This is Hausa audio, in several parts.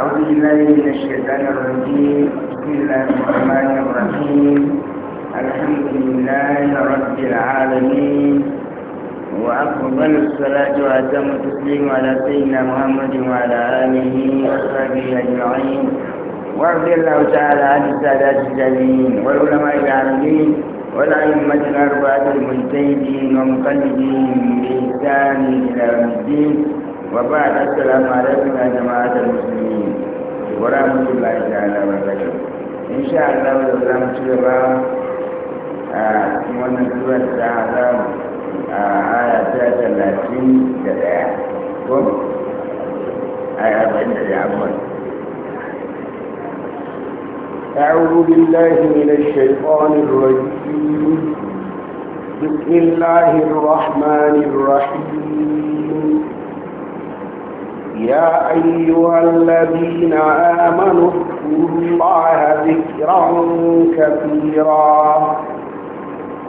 أعوذ بالله من الشيطان الرجيم بسم الله الرحمن الرحيم الحمد لله رب العالمين وأفضل الصلاة وأتم التسليم على سيدنا محمد وعلى آله وصحبه أجمعين وارض الله تعالى عن السادات الجليل والعلماء العالمين والأئمة الأربعة المجتهدين ومقلدين بإحسان إلى يوم الدين وبعد السلام عليكم يا جماعة المسلمين wa rahmatullahi ta'ala insha Allah da za mu ci gaba a cikin wannan a aya ta talatin da ko aya arba'in da أعوذ بالله من الشيطان الرجيم بسم الله الرحمن الرحيم يا أيها الذين آمنوا اذكروا الله ذكرا كثيرا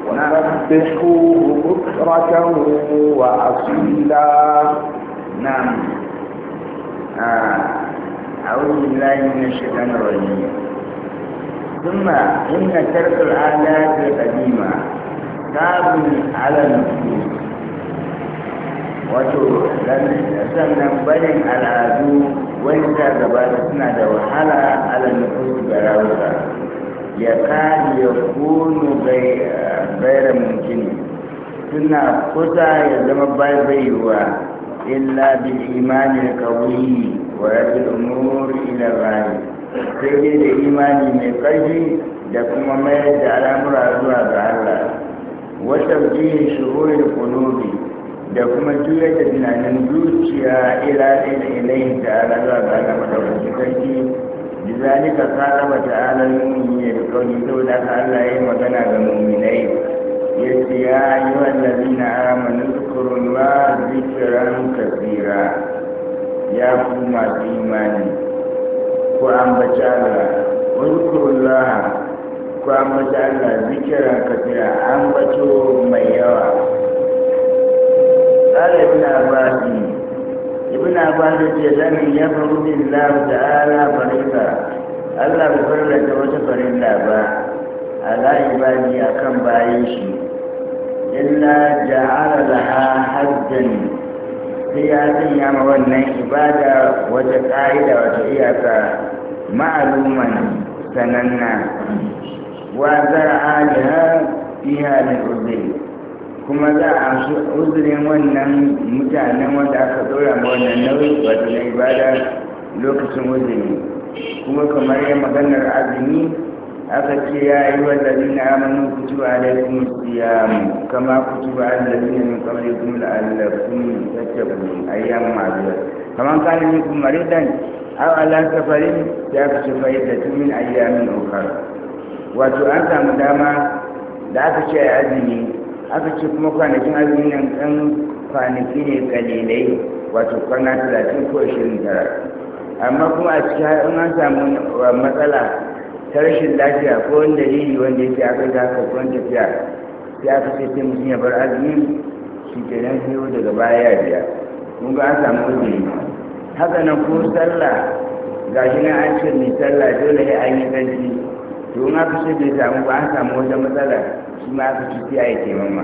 وسبحوه بكرة وأصيلا نعم آه. أعوذ بالله من الشيطان الرجيم ثم إن ترك العادات القديمة صعب على النفوس wato sannan barin al'adu wanda da suna da wahala ala nufus ga rawuka ya kari ya kunu bayan mutum? suna kusa ya zama baiwa illa bil imanin kawai wa rabin umur ila rai sai dai da imani mai karfi da kuma mayar da al'amura zuwa ga Allah wata biyu shuhurin kunubi da kuma juya da tunanin zuciya ila ila ilayhi ta'ala zuwa ga Allah sarki bi zalika qala wa ta'ala mu'minin bi qawli saboda haka Allah yayi magana ga mu'minai yace ya ayyuhal ladina amanu zkuru ma zikran kathira ya ku masu imani ku ambaci Allah wa zkurullah ku ambaci Allah zikran kathira ambato mai yawa قال ابن عباس ابن عباس لم يفر بالله تعالى فريقا ألا بفر لك وتفرين لا با على عبادي أكم بايش إلا جعل لها حدا في هذه يوم عبادة وتقاعدة وتعيكة معلوما سننا وزرعا لها فيها من أذن kuma za a uzurin wannan mutanen wanda aka tsora ma wannan nauyi wato na ibada lokacin uzuri kuma kamar yin maganar azumi aka ce ya yi wallazi na amanin kutu a laifin siyamu kama kutu a alaikum min qablikum la'allakum tattaqun ayyam ma'dud kaman kana minkum maridan aw ala safarin ya kace fayyadatu min ayyamin okar wato an samu dama da aka ce azumi aka ce kuma kwanakin azumi nan ɗan kwanaki ne kalilai wato kwana talatin ko ashirin tara amma kuma a ciki har an samu matsala ta rashin lafiya ko wani dalili wanda yake aka ga ka kwan tafiya sai aka ce sai mutum ya bar azumin shi ke nan hiyo daga baya ya biya mun ga an samu yi. haka nan ko sallah ga shi nan an ce mai sallah dole ya an yi ganci to in aka ce bai samu ba an samu wata matsala shi ma aka ci sai a yi taimama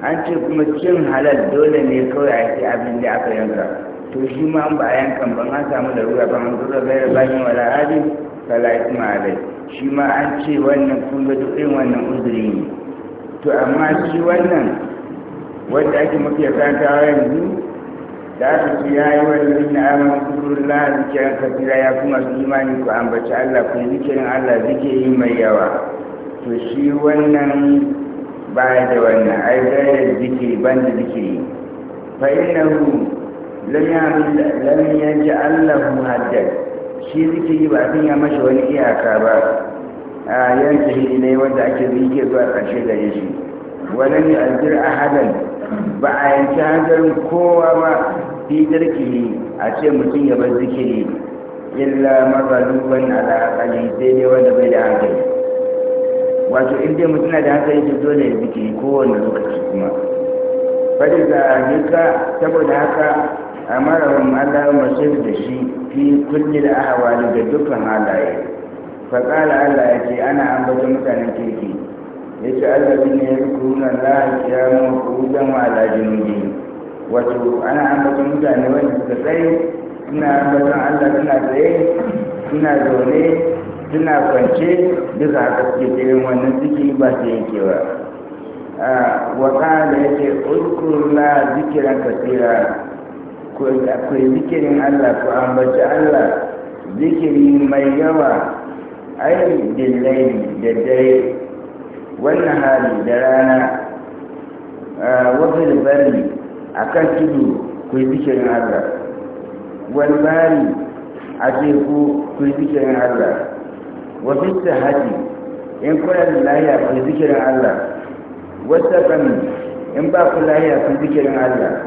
an ce kuma cin halal dole ne kawai a ci abin da aka yanka to shi ma ba a yankan ban an samu da ruwa ban zuwa bayar bayan wala hali fala isma alai shi ma an ce wannan kun ga duk wannan uzuri ne to amma shi wannan wanda ake mafi karantawa yanzu da aka ce ya yi wani bin amon kudurin lahar zikirin kafira ya kuma su imani ku ambaci allah ku zikirin allah zikiri mai yawa to shi wannan ba da wannan ai gairar zikiri ban da zikiri fa hu lam ji allahu haddad shi zikiri ba sun ya mashi wani iyaka ba a yanzu ne wanda ake zikiri zuwa ƙarshe da shi Wannan walan yu'azzir ahadan ba a yanci hanzarin kowa ba fi ne a ce mutum ya bar zikiri illa mazaluban ala aqali sai dai wanda bai da hankali wato in dai mutum da hankali yake dole ya biki kowane lokaci kuma bari da hika saboda haka amarahum Allah masir da shi fi kulli da ahwali da dukkan halaye fa qala Allah yace ana ambata mutanen kirki yace Allah ne ya kuna Allah ya mu kudan ala jinni wato ana ambata mutane wanda suka tsaye suna ambata Allah suna tsaye suna zaune suna kwance duka haka suke cikin wannan ciki ba su yanke ba wata da ya ce uskurla zikiran kasira akwai zikirin allah ku ambaci allah zikiri mai yawa ai dillai da dare wannan hali da rana wasu da bari a kan tudu ku yi zikirin allah wani bari a teku ku yi zikirin allah wasu sahati in kuna da lahiya fi zikirin Allah wasu kan in ba ku lahiya fi zikirin Allah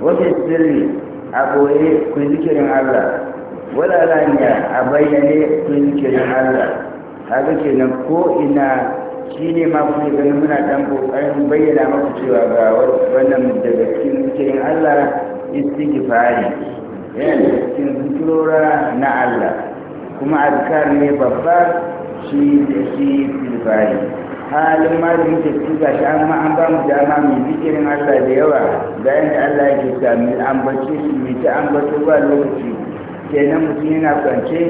wasu sirri a ɓoye fi zikirin Allah wala lahiya a bayyane fi zikirin Allah haka kenan ko ina shi ne ma ne ganin muna ɗan ƙoƙarin bayyana maku cewa ga wannan daga cikin zikirin Allah istighfari yana da cikin zikirora na Allah kuma azkar ne babba shi da shi filbari halin ma da muke ci ga shi amma an ba mu dama mai zikirin Allah da yawa ga yadda Allah yake sami ambaci shi mai ta ambaci ba lokaci kenan mutum yana kwance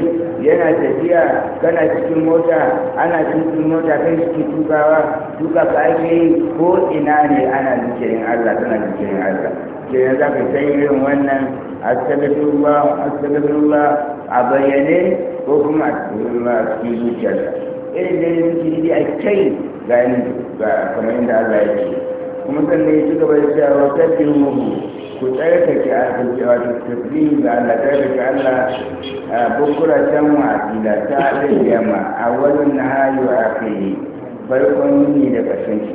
yana tafiya kana cikin mota ana cikin mota kai suke tukawa tuka ka ake yi ko ina ne ana zikirin Allah kana zikirin Allah kenan za ka sai irin wannan astagfirullah astagfirullah a bayyane ko kuma a cikin zuciyarsa irin da ya ne a kai ga ga kamar yadda Allah ya ce kuma sannan ya ci gaba da cewa wata mu ku ke a zuciya ta tafi ga Allah tsarkake Allah bukura can ila ta alayyama a wannan nahari a kai farkon yini da ƙarshen shi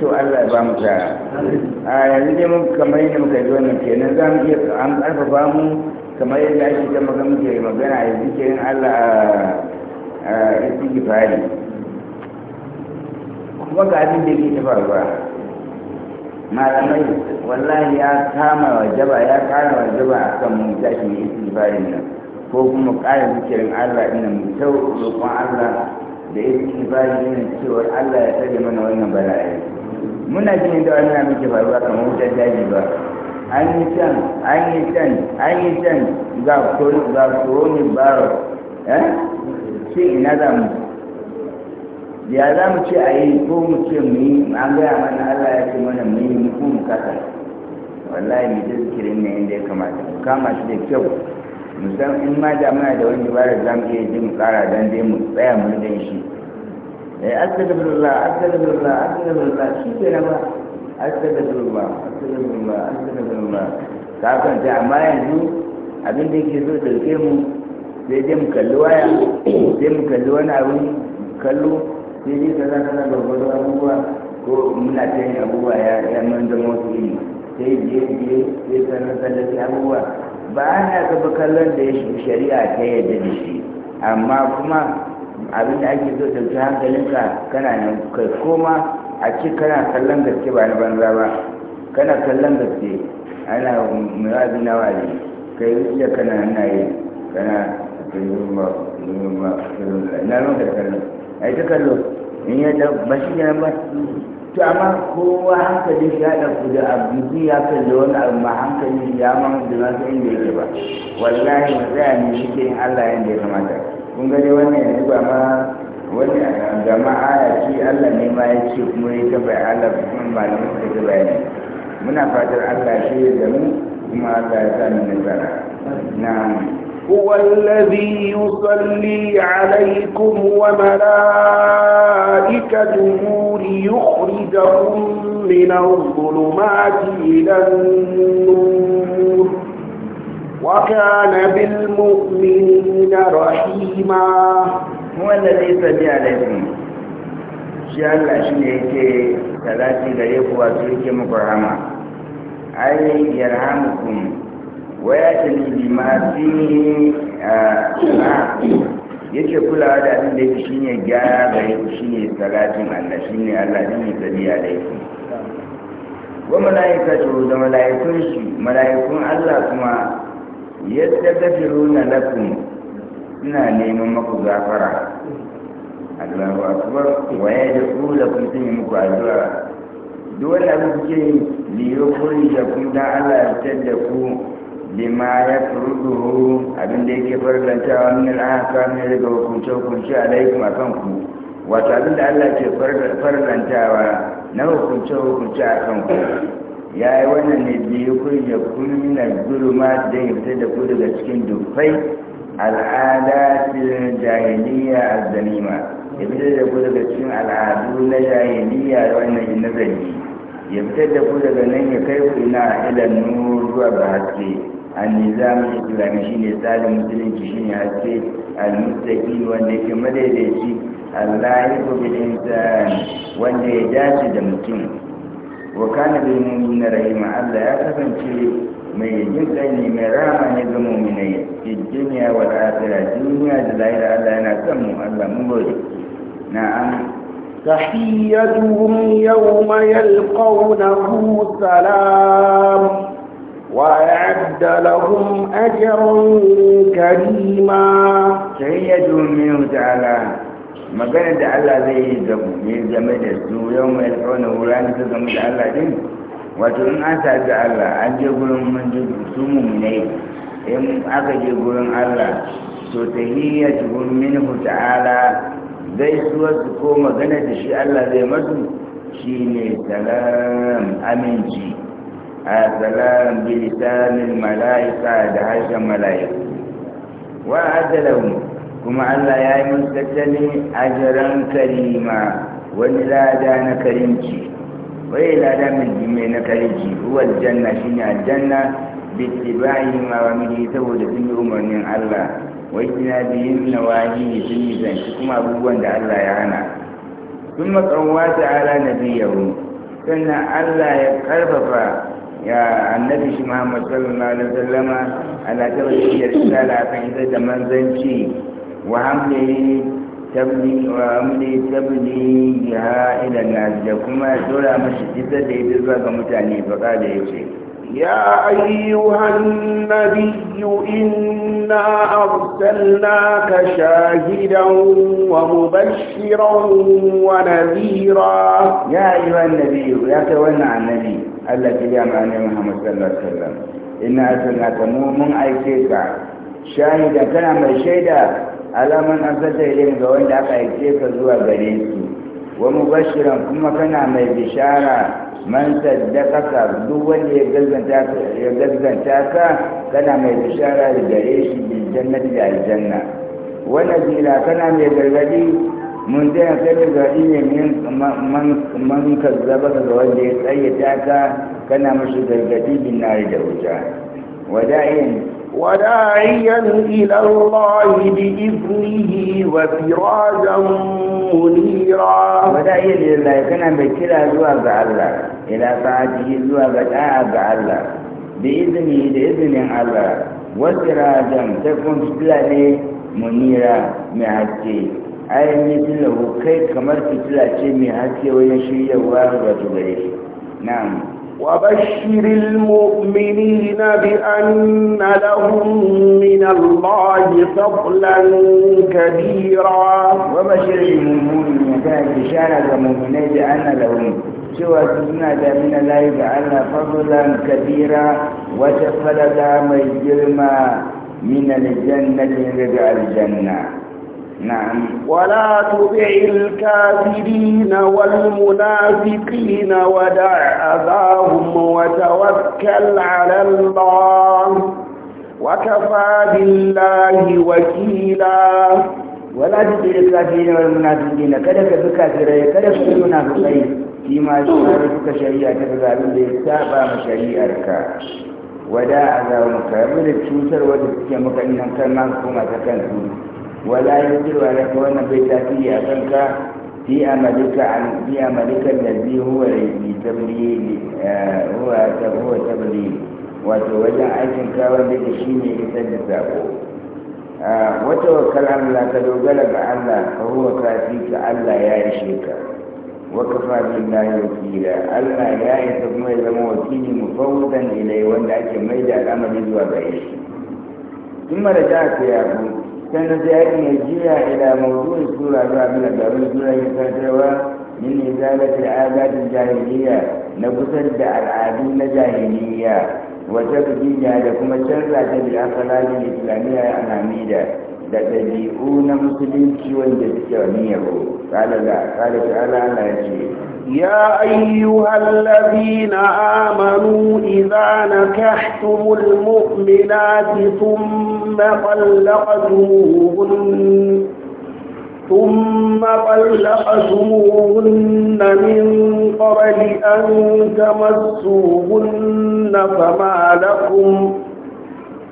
to Allah ba mu ta a yanzu dai mun kamar yadda muka ji wannan kenan za mu iya an karfafa mu kamar yadda ake ta magana ke magana ya zikirin Allah a istighfari kuma ga abin da ke ta faruwa malamai wallahi ya kama wajaba ya kama wajaba a kan mu tashi ne istighfarin nan ko kuma kara zikirin Allah ina mu tau roƙon Allah da istighfari ne cewa Allah ya tsare mana wannan bala'i muna jin da wannan muke faruwa kamar wutar daji ba an yi can an yi can an yi can ga koroni baro eh ce ina za mu ya za mu ce a yi ko mu ce mu yi an gaya mana allah ya ce mana mu yi mu kuma kasa wallahi mu ji zikirin ne inda ya kamata mu kama shi da kyau san in ma da muna da wani dabara za mu iya ji mu kara dan dai mu tsaya mu rigan shi eh astagfirullah astagfirullah astagfirullah shi ke na ba astagfirullah astagfirullah astagfirullah ka kanta amma yanzu abin da yake so dauke mu sai dai mu kalli waya sai mu kalli wani abin kallo sai dai kaza kaza gwargwado abubuwa ko muna ta yin abubuwa ya man zama wasu ilimi sai biye biye sai sanar sanar abubuwa ba na gaba kallon da ya shari'a ta yadda da shi amma kuma abin da ake so dauki hankalinka kana nan kai koma a ce kana kallon gaske ba na banza ba kana kallon gaske ana murabi na wani kai iya kana na yi kana kalma kalma na nan da kallon yi ta kallo in yi da bashi shi ne ba to amma kowa hankali shi ya ku da abu ya kalli wani abu ma hankali ya ma da na san inda yake ba wallahi matsaya ne shi ke Allah yanda ya kamata kun ga dai wannan yanzu ba ma wani gama aya ce allah ne ma ya ce kuma ya taba allah kuma malamin suka ta bayani muna fatar allah shi ya zami kuma allah ya sa ni nasara na هو الذي يصلي عليكم وملائكته ليخرجكم من الظلمات إلى النور وكان بالمؤمنين رحيماً هو الذي a عليه shi Allah shi ne yake salati gare ku wato yake muku rahama ai yarhamukum wa yatani bima fihi yake kulawa da abin da yake shine gyara gare ku shine talatin Allah shine Allah din ne sadiya da yake wa su da malaikun shi malaikun Allah kuma yadda tafiruna lakum ina neman maku gafara Allahu akbar wa ya da kula kun sun yi muku addu'a duk wanda ku kuke yi li yukuri ya kun da Allah ya fitar da ku lima ya furuduhu abin da yake farlantawa min al'aka ne daga hukunce hukunce alaikum akan ku wato abin da Allah ke wa na hukunce hukunce akan ku ya yi wannan ne da yukuri da kun min al da ya fitar da ku daga cikin dufai al'adatin jahiliya azzalima ya fitar da ku daga cikin al'adu na jahiliya wannan nazari ya fitar da ku daga nan ya kai ku ina ilan nur zuwa ga haske an nizamin islami shine tsarin musulunci ne haske al-mustaqim wanda yake madaidaici Allah ya bil wanda ya dace da mutum wa kana bil mu'minina rahima Allah ya kasance mai jinƙai ne mai rama ne ga muminai fi duniya wal akhirah duniya da lahira Allah yana son mu Allah mun gode na'am تحيتهم يوم يلقونه سلام وأعد لهم أجرا كريما تحيتهم يوم تعالى magana da Allah zai yi game da su yau mai tsawon wurin da game da Allah din wato in an sabi Allah an je gurin manjin su mummunai in aka je gurin Allah to tahiyyatuhum minhu ta'ala gaisuwar su ko magana da shi Allah zai masu Shi ne, salam aminci a salam bilisanin mala'ika da harshen mala'iku wa ajalahu kuma Allah ya yi musu tattalin ajiyar karima wani lada na karimci Wai lada min jimai na kariki janna shi shine aljanna bi ittiba'i ma wa min saboda sun yi umarnin Allah Wai wa ittiba'i nawahi sun yi zanci kuma abubuwan da Allah ya hana sun matsawa ta'ala nabiyahu sannan Allah ya karfafa ya annabi shi Muhammad sallallahu alaihi wasallama ala tabbatar da risala kan da manzanci wa hamlihi tabni ya ila nazija kuma ya tsora mashi da ya zirga ga mutane faɗa da ya ce ya ayyuhan nabiyyu inna arsalnaka shahidan wa mubashshiran wa nadhira ya ayyuhan nabiyyu ya ta wannan annabi Allah ya ga mani Muhammad sallallahu alaihi wasallam inna arsalnaka mu mun aike ka shahidan kana mai shaida alaman arzata ilim ga wanda aka aike ka zuwa gare su wa mubashiran kuma kana mai bishara man ka duk wanda ya gazganta ka ya gazganta ka kana mai bishara da gare shi bil jannati da aljanna wanda jira kana mai gargadi mun da kai ga ne min man man zaba ga wanda ya tsayyata ka kana mashi gargadi bin nari da wuta وداعيا وداعيا إلى الله بإذنه وفراجا منيرا وداعيا إلى الله كان بكلا زواج الله إلى طاعته زواج آب الله بإذنه بإذن الله وفراجا تكون فتلة منيرا مهتي أي مثله كي كمر فتلة مهتي ويشيء وارغة بريش نعم وبشر المؤمنين بأن لهم من الله فضلا كبيرا وبشر المؤمنين كان بشارة المؤمنين بأن لهم سوى سنة من الله فعلنا فضلا كبيرا وتفلد من الجنة لرجع الجنة نعم ولا تطع الكافرين والمنافقين ودع أذاهم وتوكل على الله وكفى بالله وكيلا ولا تطع الكافرين والمنافقين كذا كذا كذا سنة منافقين فيما يشاركك شريعة كذا بالتابع شريعتك ودا أذاهم كابل الشوسر ودسك مكاننا كان ما كما تكن wala yusiru alaka wannan bai tasiri a kanka fi amalika an fi da bi huwa li tabliyi huwa huwa tabliyi wato wajen aikin ka wanda ke ne isar da sako wata wakal Allah ka dogara ga Allah ka huwa kafi ka Allah ya ishe ka wa kafa billahi wakila Allah ya yi ta kuma ya zama wakili mufawwadan ilai wanda ake maida al'amari zuwa gare shi in mara da ka ya كان ذلك يجيء إلى موضوع السورة قبل قبل السورة الفاتحة من إزالة العادات الجاهلية نقصد العادين الجاهلية وتبديلها لكم الشرعة بالأخلاق الإسلامية الحميدة da مسلم na musulunci قال لا قال تعالى لا يا أيها الذين آمنوا إذا نكحتم المؤمنات ثم طلقتموهن ثم طلقتموهن من قبل أن تمسوهن فما لكم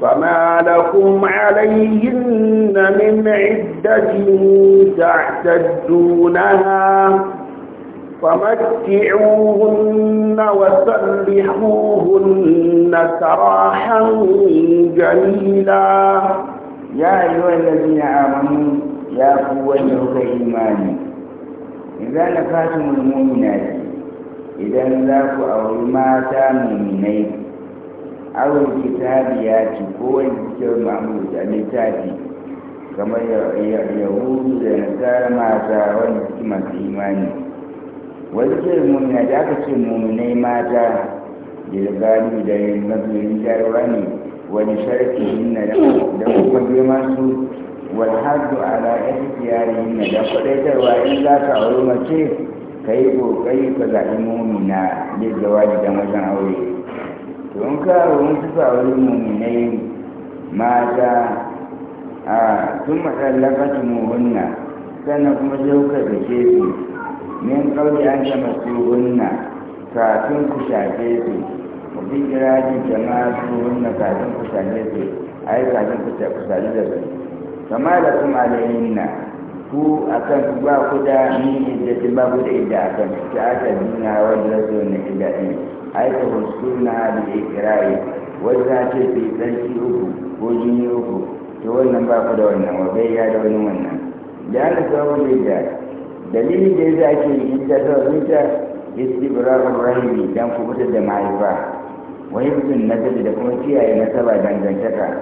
فما لكم عليهن من عدة تعتدونها فمتعوهن وسرحوهن سراحا جميلا يا أيها الذين آمنوا يا قوة الإيمان إذا نفاتم المؤمنات إذا ذاك أو مات مؤمنين awon kitabi ya ce ko cikin ma'amu da a littafi kamar yahudu da nasara mata wani suke masu imani wani cikin mumina da aka ce muminai mata da gani da yin mazuyin jarwa ne wani sharfi inna da kuma girman su wal haddu ala ikhtiyari inna da kwadaitarwa in za ka auri mace ka yi kokari ka zaɓi mumina da jawabi da wajen aure don karuwan wani mummunai mata a sun matsallakatu muhunna sannan kuma shauka da ke su min kauli an ta su hunna kafin ku shafe su mafi kira kirajin jama su hunna kafin ku shafe su a yi kafin ku shafe da su kama da kuma alayhinna ku akan ba ku da ni da ba ku da idda kan ta aka nuna wajen rasu na idda ɗin aika wasu na da ikirari wata ce fi tsarki uku ko jini uku to wannan ba ku da wannan bai ya da wani wannan da aka samu da dalilin da ya za ke yi ta saurinta istibrarun rahimi don kubuta da mahaifa wa na nasabi da kuma kiyaye nasaba dangantaka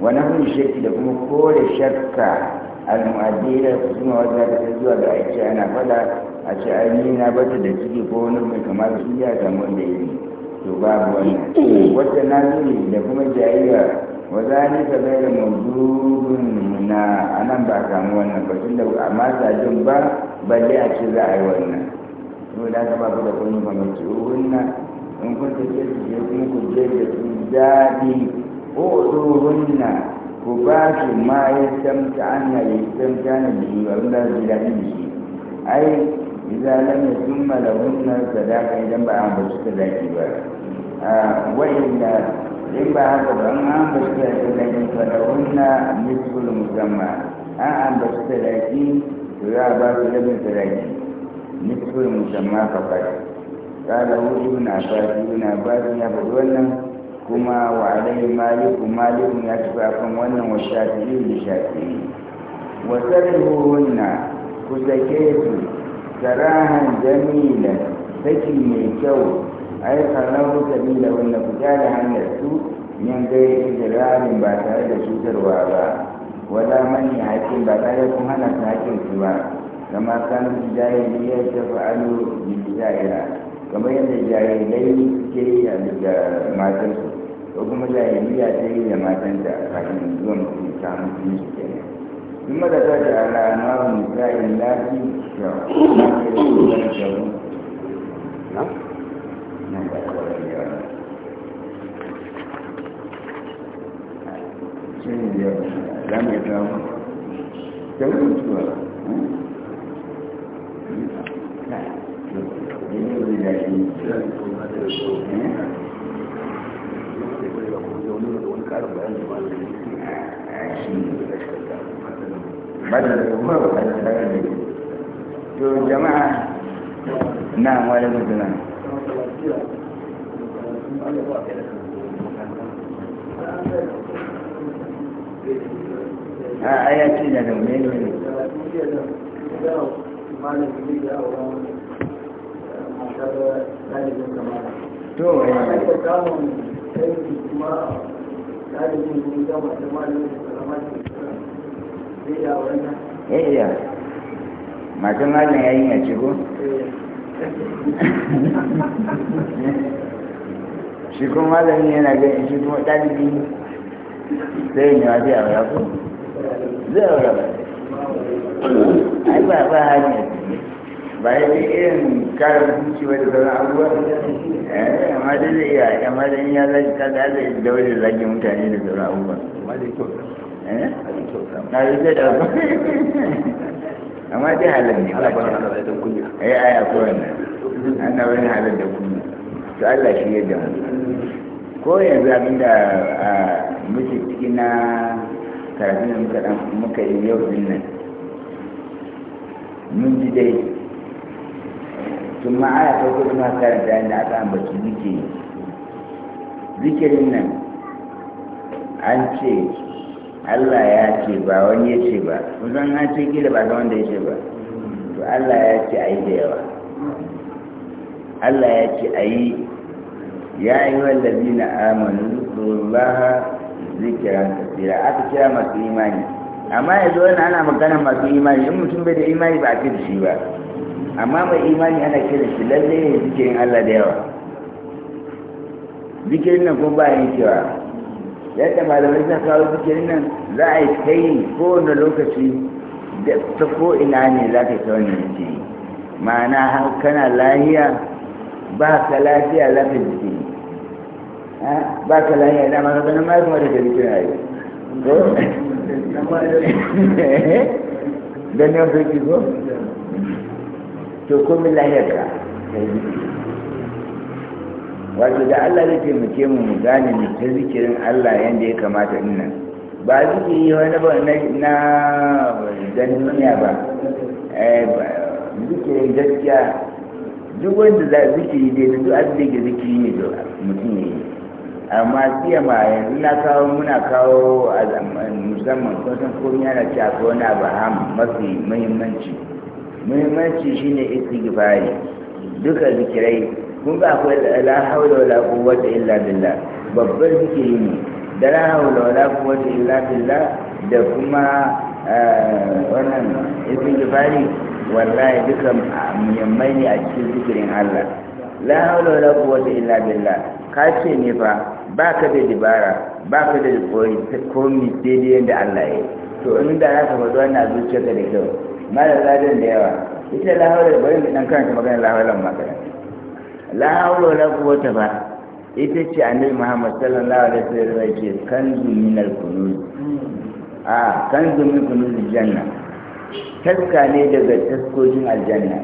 wa nahun shakki da kuma kore shakka al-mu'addila su suna wata ta zuwa da aiki ana fada a ce ai ni na bata da ciki ko wani mai kama da shi ya samu da yi to babu wannan wata naziri da kuma jayayya wa bai da mazurin na anan ba samu wannan ba a amma jin ba balle a ce za a yi wannan to da ka ba ku da kun mamaci wunna in kun take su ce kuma ku je da su daɗi ko wunna ku ba su ma ya samta an na ya samta na biyu abin da su daɗi da shi ai idza lam yatumma lahunna sadaqa idan ba an bashi sadaqi ba wa illa in ba haka ba an an bashi sadaqi fa lahunna nisful musamma an an bashi sadaqi to za a ba su rabin sadaqi nisful musamma wuri qala hu ibn abbas ibn abbas ya faɗi wannan kuma wa alaihi maliku maliku ya tafi akan wannan wa shafi'i da shafi'i wa sarihunna ku sake su sarahan jamila saki mai kyau ai karnahu jamila wanda ku da hanyar su min gai ijirarin ba tare da cutarwa ba wala mani hakin ba tare kun hana su hakin su ba kamar kan jahiliya ta fa'alu bi jahila kamar yadda jahilai ke yi da matansu ko kuma jahiliya ta yi da matanta kafin zuwa mutum ta mutum su kenan kuma da ta da rana mu ta yi lafi da bada kuma ne to jama'a na wani mutuna a ayyaci da ne to wani kuma ya iya matan malam ya yi mace ko shi kuma malami yana ganin shi kuma ɗalibi zai yi wafi a waya ko zai aura ba ai ba ba hanya ba yi ce irin karin huci wata sauran abubuwa amma dai zai eh, iya amma dai ya zai kada zai dawo da zagin mutane da sauran abubuwa Eh? na yi sai da amma dai halin ne ba ta ya aya kowane an na wani halin da kuma to Allah shi ya damu ko yanzu abin da muke ciki na karatun da muka dan muka yi yau din nan mun ji dai kuma aya ta kuma ma karanta inda aka ambaci zikiri zikirin nan an ce Allah ya ce ba wani ya ce ba kusan an ce gida ba ga wanda ya ce ba to Allah ya ce a yi da yawa Allah ya ce a yi ya yi wallazi na amanu zullaha zikiran kasira aka kira masu imani amma yanzu wani ana magana masu imani in mutum bai da imani ba a ce shi ba amma mai imani ana kira shi lalle ya zikirin Allah da yawa zikirin nan kuma ba yin cewa da malamai ta kawo zikirin nan za a yi ta yi kowane lokaci da ta ko ina ne za ka ta wani zikiri ma'ana har kana lahiya ba ka lafiya za ka zikiri ba ka lahiya da ka ganin ma kuma da ka zikiri a yi ko? don yau zai ko? to komi lahiyar ka ka yi wato da Allah zai taimake mu mu gane mu ta zikirin Allah yadda ya kamata din nan ba zikiri wani ba na na dan duniya ba eh, zikirin gaskiya duk wanda za zikiri dai da duk abin da zikiri ne da mutum ya yi amma siya ma yanzu na kawo muna kawo musamman kun san komai yana cewa ko wani abu ham mafi muhimmanci muhimmanci shine istighfari duka zikirai kun ga akwai la hawla wala quwwata illa billah babban zikiri yi da la hawla wala quwwata illa billah da kuma eh, wannan istighfari wallahi dukan muhimmai ne a cikin zikirin Allah la hawla wala quwwata illa billah ka ce ne fa ba ka da dibara ka da koyi komi daidai yadda Allah ya to in da za ka faɗi wannan zuciyarka da kyau mara ladan da yawa ita la hawla bari mu dan kanta maganar la haula makaran la haula wala quwwata ba ita ce annabi Muhammad sallallahu alaihi wasallam yake kanzu min al-kunuz hmm. a ah, kanzu min kunuz janna taska ne daga taskojin aljanna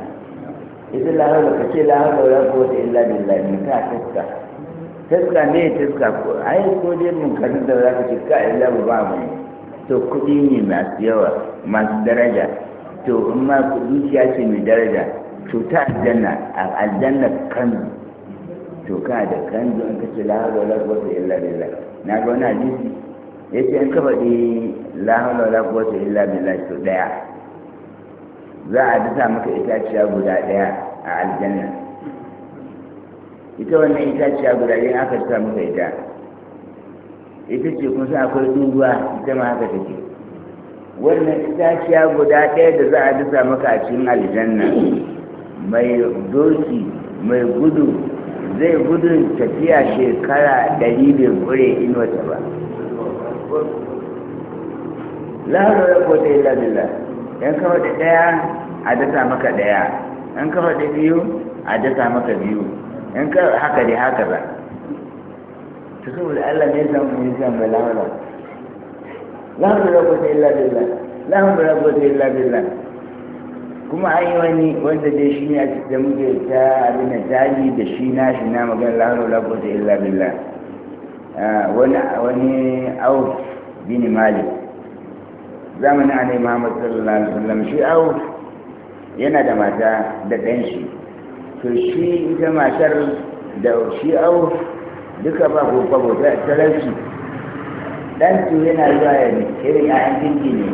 ita la haula ka ce la haula wala quwwata illa billah ne ka taska taska ne taska ko ai ko dai mun kan da za ka ce ka illa ba mu to kudi ne masu yawa masu daraja to in ma ya ce mai daraja cuta aljanna aljanna aljanna kan to ka da zo an kace la hawla wala quwwata illa billah na ga wani hadisi yace an ka faɗi la hawla wala quwwata illa billah to daya za a dasa maka itaciya guda daya a aljanna ita wannan itaciya guda yin aka dasa maka ita ita ce kun san akwai duguwa ita ma haka take wannan itaciya guda ɗaya da za a dasa maka a cikin aljanna mai doki mai gudu zai gudun tafiya shekara ɗari bai ƙure inuwata ba laharo ko ta yi lalila yan kawai da ɗaya a dasa maka ɗaya yan kawai da biyu a dasa maka biyu yan kawai haka dai haka ba ta saboda allah ne samu ne mai laharo laharo ya kota illa billah laharo ko ta yi lalila kuma an yi wani wanda dai shi ne a cikin muke ta abin da tali da shi na shi na magana lahu la quwwata illa billah ah, wani wani au bin malik zamanin annabi Muhammad sallallahu alaihi wasallam shi au yana da mata da ɗan shi to shi ita matar da shi au duka ba ko kwabo ta talauci ɗan su yana zuwa irin 'ya'yan kirki ne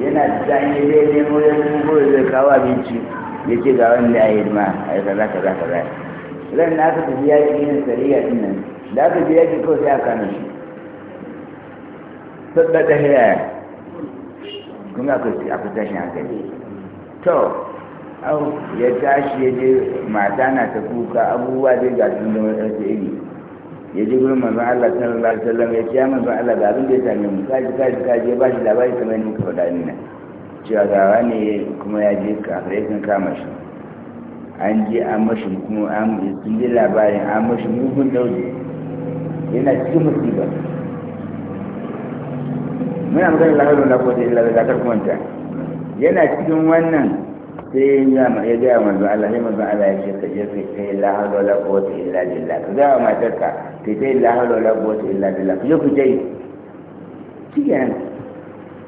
yana janye daidai nemo ya zubo da zai kawo abinci ya ce ga wanda ya yi ma a yi kaza kaza kaza ran na aka tafi yaƙi yin sariya din nan da aka je yaki kawai sai a Kano. shi ta hiyaya kun ga kusa tashin hankali to au ya tashi ya je mata na ta kuka abubuwa dai ga sun zama ɗansu iri ya ji gurin manzon Allah sallallahu alaihi wasallam ya ce ya manzon Allah ga abin da ya same mu kaji kaji kaji ya bashi labari kamar ni ka faɗa mina cewa gawa ne kuma ya je kafirai sun kama shi an je an mashi kuma an sun je labarin an mashi mugun dauji yana cikin musiba muna magana labarin da kuma da ilaka kuma ta yana cikin wannan sai ya gaya manzo Allah sai manzo Allah ya ce ka je kai ce la illa billah ka ga matarka ka ce la hawla wala quwwata illa billah ku je ku je nan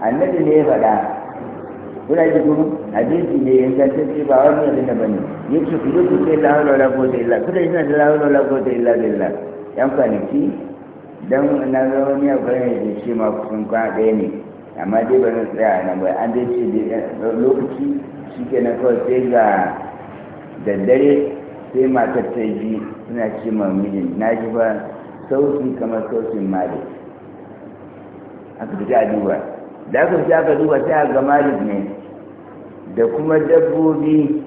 annabi ne ya faɗa kuna ji kuma hadisi ne in ga tace ba wani abin da bane yace ku je ku ce la hawla wala quwwata illa kuma ina la hawla illa billah yan kwanaki dan na ga a abu ne shi ma kusan kwana ɗaya ne amma dai ba zan tsaya nan ba an dai ce eh, lokaci shi na kawai sai ga daddare sai matar ta ji suna ce ma mijin na ji ba sautin kamar sautin malik aka fita a duba da aka fita aka duba sai ga malik ne da kuma dabbobi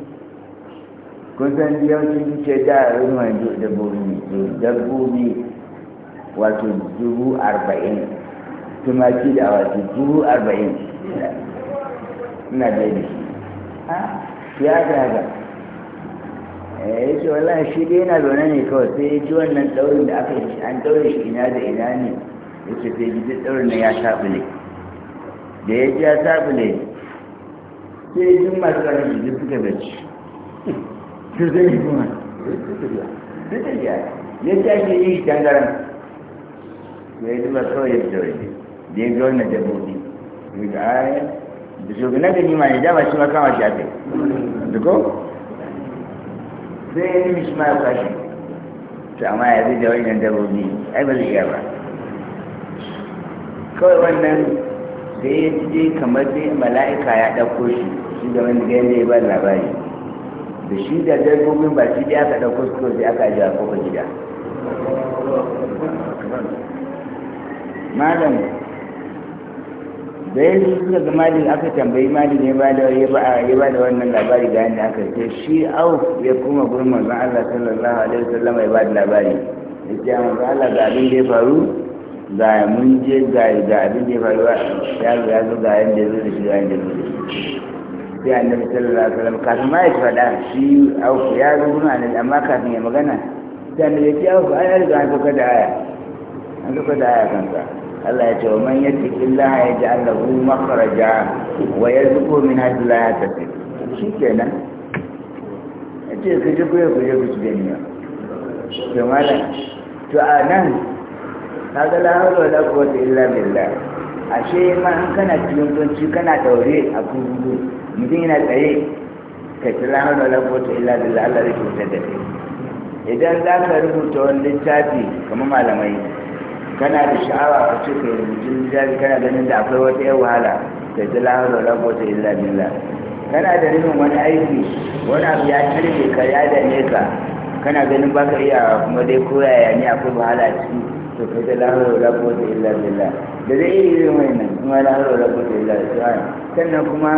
kun san yawancin ce da ruwan dabbobi dabbobi wato dubu arba'in tumaki da wato dubu arba'in suna daidai ya gaga ya eh, ce wallahi shi dai yana zaune ne kawai sai ya ji wannan daurin da aka yi an daure shi ina da ina ne ya ce sai ji daurin ɗaurin na ya sabule da ya ji ya sabule sai jin masu ƙarar jiki suka bacci su zai yi kuma duk da ya ya ake yi shi tangaran ya yi zuba kawai ya daure waje da ya ga wannan dabbobi ya ga ayan da shugaban ganima ne dama shi ma kama shi aka yi da ko sai ya nemi shi ma ya to amma ya zai da wannan dabobi ai ba zai iya ba kawai wannan da ya ji kamar dai mala'ika ya ɗauko shi shi da wani gani ya ba labari da shi da dabbobin ba shi da aka ɗauko su kawai sai aka ji a kofar gida malam da ya suka ga malin aka tambayi malin ne ya ba da wannan labari ga yadda aka ce shi au ya kuma gurin manzon Allah sallallahu alaihi wasallam ya ba da labari ya ce a manzon Allah ga abin da ya faru ga mun je ga abin da ya faru ya zo ya zo ga yadda ya zo da shi ga yadda ya zo da shi sai annabi sallallahu alaihi wasallam kafin ma ya faɗa shi au ya zo gurin annabi amma kafin ya magana sai annabi ya ce au ai an zo da aya an zo da aya kansa Allah ya ce wa man yadda Allah ya ji Allah hu makaraja wa ya zuko min hajji la ya tafi shi kenan ya ce ka ji kuya kuya ku ci gani ya mala to a nan ka ga la hawla wala quwwata illa billah ashe ma an kana cikin kunci kana daure a kudu mutum yana tsaye ka ci la hawla wala quwwata illa billah Allah zai cutar da kai idan za ka rubuta wani littafi kamar malamai kana da sha'awa ka ce ka yi jari kana ganin da akwai wata yan wahala da ta lahara da ko ta illa billah kana da nufin wani aiki wani abu ya karfe ka ya dame ka kana ganin ba ka iya kuma dai koya ya ne akwai wahala ciki to ka ta lahara da ko ta illa billah da zai iya yi wani nan kuma lahara da ko ta illa billah sannan kuma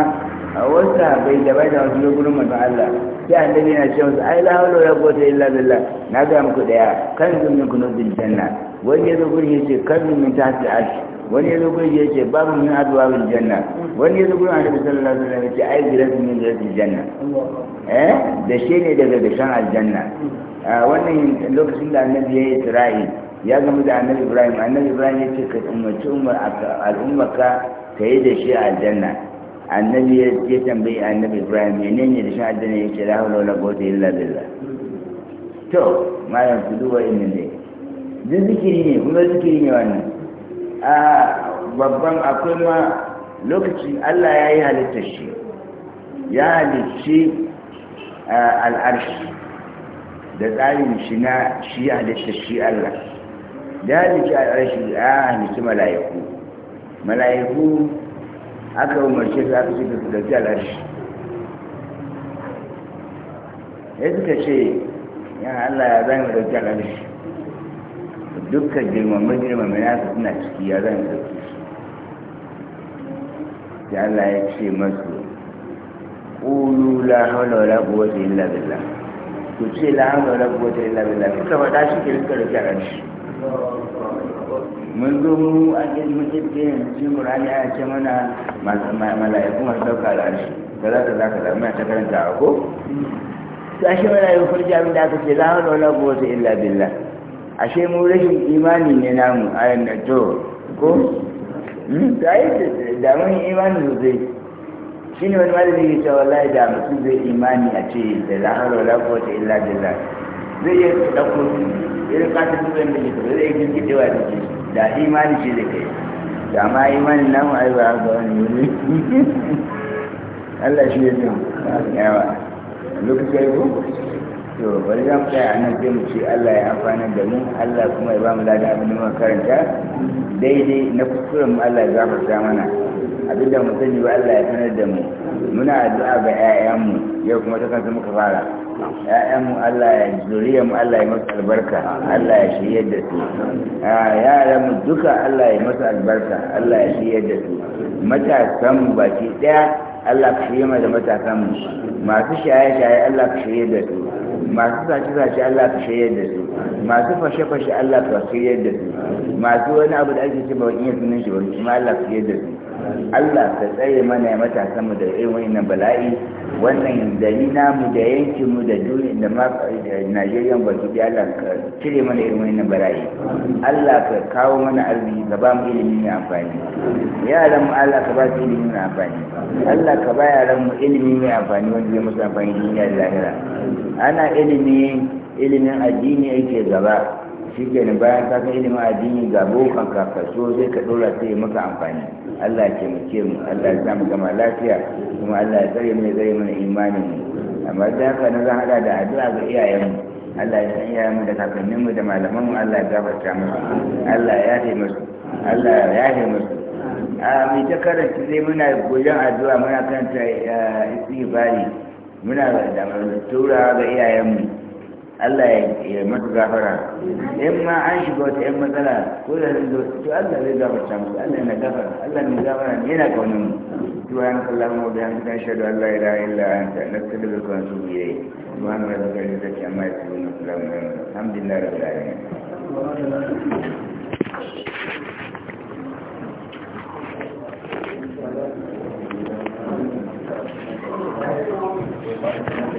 a wasu bai gaba da wasu lokutan manzo Allah sai na ce cewa ai la hawla ta quwwata illa billah na gaya muku daya kan zumin kunu bil janna wani ya zo gurin ya ce karni min ta hasi arshi wani ya zo gurin ya ce babu min aduwa bin janna wani ya zo gurin annabi sallallahu alaihi wasallam ya ce ai gidan min gidan janna eh da shi ne daga gashan aljanna wannan lokacin da annabi ya yi tsirahi ya gamu da annabi ibrahim annabi ibrahim ya ce ka umarci umar al'ummarka ka yi da shi a aljanna annabi ya tambayi annabi ibrahim menene da shi aljanna ya ce la hawla wala quwwata illa billah to malam ku duba inda ne duk zikiri ne kuma zikiri ne wannan a babban akwai ma lokaci Allah ya yi halitta shi ya halicci al'arshi da tsarin shi na shi ya halitta shi Allah da ya halicci al'arshi ya halicci mala'iku mala'iku aka umarci su aka ce su ɗauki al'arshi ya suka ce ya Allah ya zai mu ɗauki al'arshi dukkan girmama girmama ya su suna ciki ya zan ɗauke su sai Allah ya ce masu ƙulu la hawla wala yin illa billah ku ce la hawla wala quwwata illa billah kuka faɗa shi ke rika rike ran shi mun zo mu a cikin mutunci yanzu cikin Qur'ani ana ce mana mala'iku masu ɗauka da arshi kaza kaza kaza muna ta karanta ko to ashe mala'iku farji abin da aka ce la hawla wala yin illa billah ashe mu rashin imani ne namu a yadda to ko da hmm, yi da mun imani sosai shi ne wani malami ya ce wallahi da mutum zai imani a ce da laharar lafuwa ta illa za zai iya ɗauko iri kasa tuban da ke tafi zai yi cewa da ke da imani shi da kai da ma imani namu a yi ba ga wani wuri Allah shi ya tun yawa lokacin ya yi to bari za mu tsaya nan sai mu ce Allah ya amfana da mu Allah kuma ya ba mu ladan abin da muka karanta daidai na kuskuren mu Allah ya gafarta mana abin da mu sani ba Allah ya sanar da mu muna addu'a ga ƴaƴanmu yau kuma ta kansa muka fara ‘ya'yanmu Allah ya zuriya mu Allah ya masa albarka Allah ya shirya da su yaranmu duka Allah ya masa albarka Allah ya shirya da su mu baki ɗaya Allah ka shirya da mu masu shaye-shaye Allah ka shirya da su masu sace-sace Allah ta shayar da su masu fashe-fashe Allah ta shayar da su masu wani abu da ake ce ba wani iya sunan shi ba kuma Allah ta shayar da su Allah ka tsaye mana mata sama da irin wannan bala'i wannan gari namu da yanki mu da duniya da ma Najeriya baki da Allah ka cire mana irin wannan bala'i Allah ka kawo mana arziki ka ba mu ilimi mai amfani yaran mu Allah ka ba su ilimi mai amfani Allah ka ba yaran mu ilimi mai amfani wanda zai musu amfani duniya da lahira ana ilimi ilimin addini yake gaba shi kenan bayan ka san ilimin addini ga bokan ka so sai ka dora sai maka amfani Allah ya taimake mu Allah ya samu gama lafiya kuma Allah ya tsare mu ya tsare mana imanin mu amma da haka na zan hada da addu'a ga iyayen mu Allah ya san iyayen mu da kakannin mu da malaman mu Allah ya gafarta mu Allah ya yafe musu Allah ya yafe musu a mai ta karanta sai muna goyon addu'a muna karanta eh, istighfari muna da tura ga iyayen mu Allah ya mata gafara in ma an shiga wata yan matsala ko da zai zo to Allah zai gafarta musu Allah yana gafara Allah ne gafara ne yana kaunin mu to ya naka Allah mu da hanka shaidu Allah ila illa anta nastaghfiruka wa natubu ilayk subhana rabbika rabbil izzati amma yasifun wa salamun alal mu alhamdulillahi rabbil alamin Thank you.